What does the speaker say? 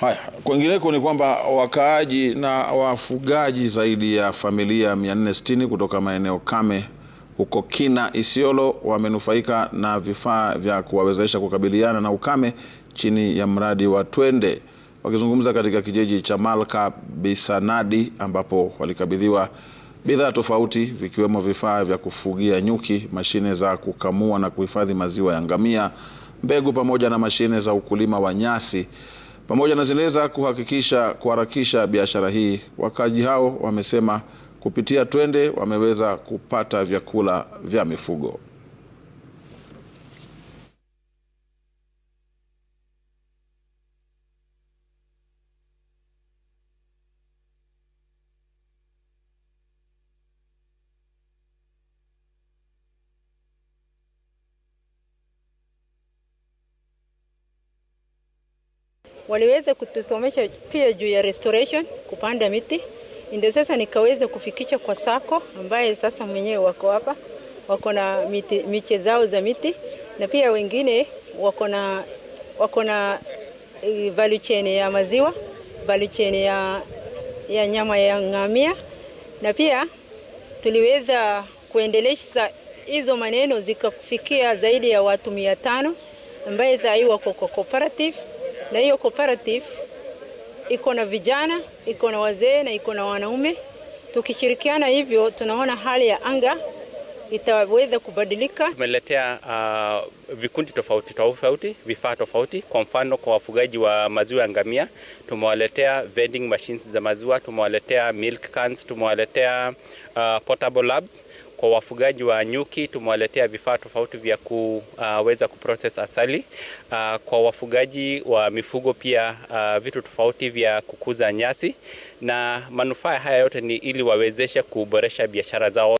Haya, kwingineko ni kwamba wakaaji na wafugaji zaidi ya familia 460 kutoka maeneo kame huko Kina Isiolo wamenufaika na vifaa vya kuwawezesha kukabiliana na ukame chini ya mradi wa Twende. Wakizungumza katika kijiji cha Malka Bisanadi ambapo walikabidhiwa bidhaa tofauti vikiwemo vifaa vya kufugia nyuki, mashine za kukamua na kuhifadhi maziwa ya ngamia, mbegu pamoja na mashine za ukulima wa nyasi pamoja na ZELEZA kuhakikisha kuharakisha biashara hii. wakaji hao wamesema kupitia Twende wameweza kupata vyakula vya mifugo. waliweza kutusomesha pia juu ya restoration, kupanda miti, ndio sasa nikaweza kufikisha kwa sako ambaye sasa mwenyewe wako hapa, wako na miche zao za miti na pia wengine wako na wako na eh, value chain ya maziwa, value chain ya, ya nyama ya ngamia na pia tuliweza kuendelesha hizo maneno zikafikia zaidi ya watu mia tano ambaye zaiwa wako kwa cooperative na hiyo cooperative iko na vijana, iko na wazee na iko na wanaume. Tukishirikiana hivyo, tunaona hali ya anga itaweza kubadilika. Tumeletea uh, vikundi tofauti tofauti vifaa tofauti. Kwa mfano kwa wafugaji wa maziwa ya ngamia tumewaletea vending machines za maziwa, tumewaletea milk cans, tumewaletea uh, portable labs. Kwa wafugaji wa nyuki tumewaletea vifaa tofauti vya kuweza ah, uh, kuprocess asali. Uh, kwa wafugaji wa mifugo pia uh, vitu tofauti vya kukuza nyasi, na manufaa haya yote ni ili wawezeshe kuboresha biashara zao.